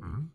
Hmm?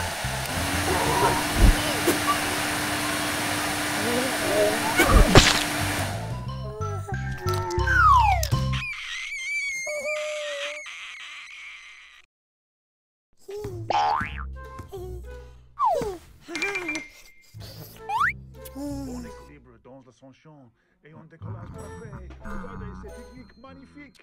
On exhibe dans la l'ascension et on décollage après. Regardez ces techniques magnifiques.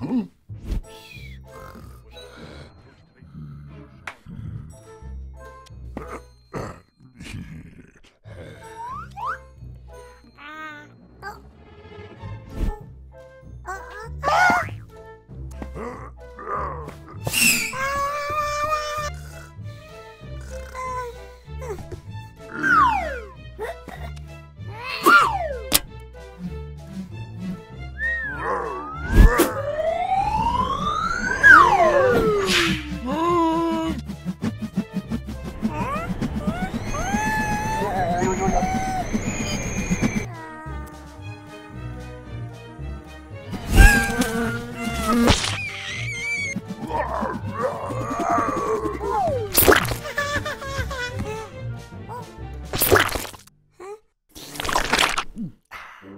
Hein Uh-huh.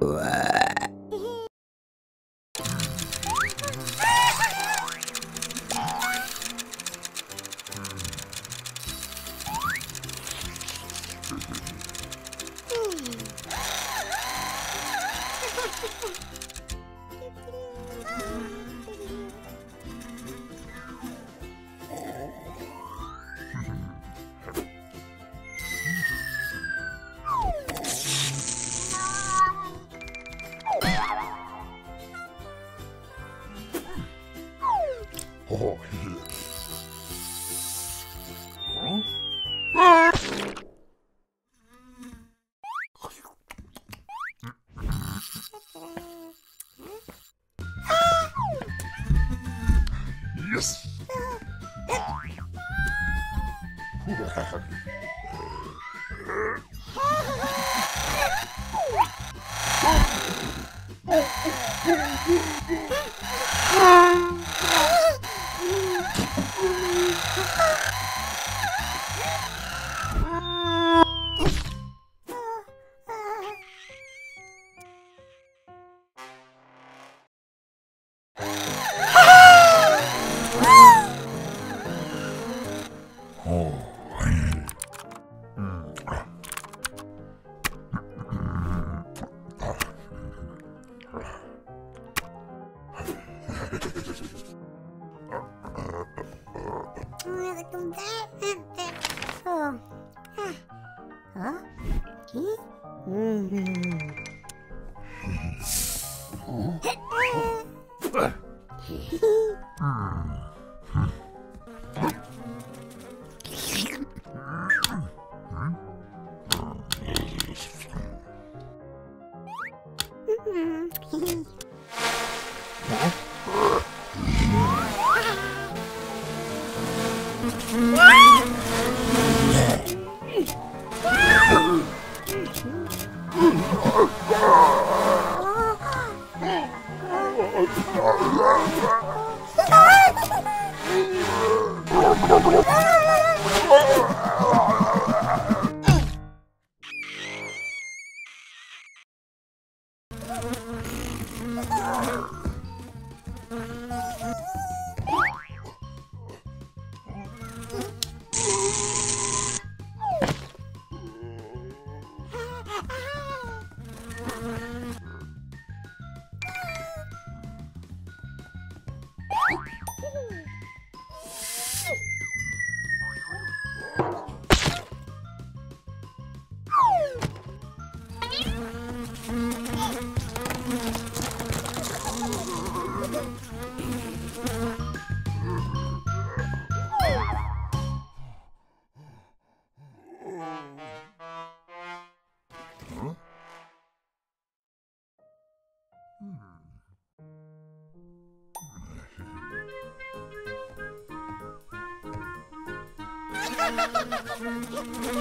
Wow. Ha ha ha. Oh, Oh!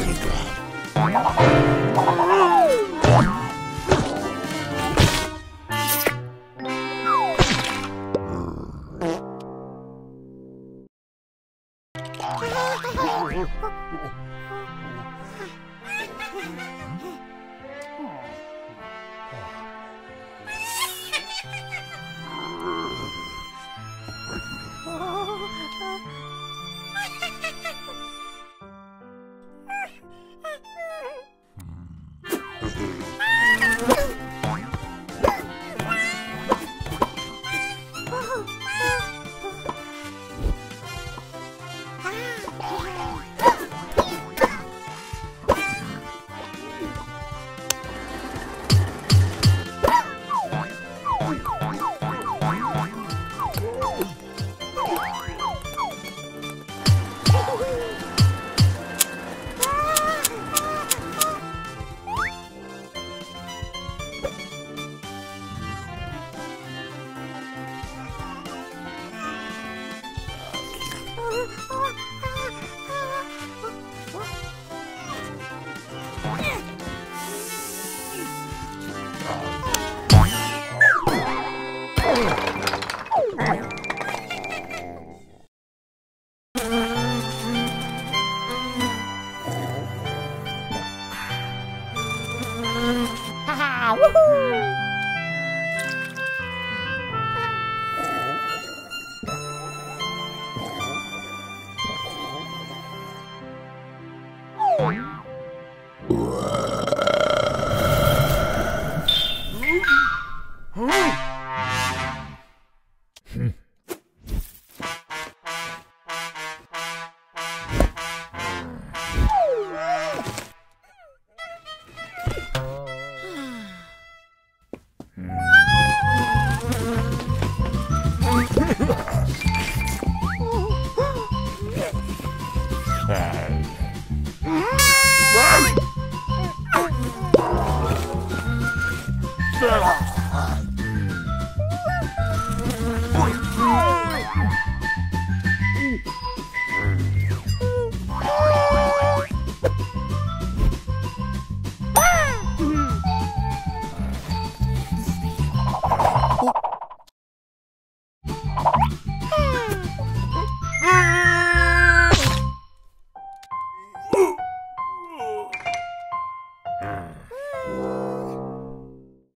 value God. Woohoo!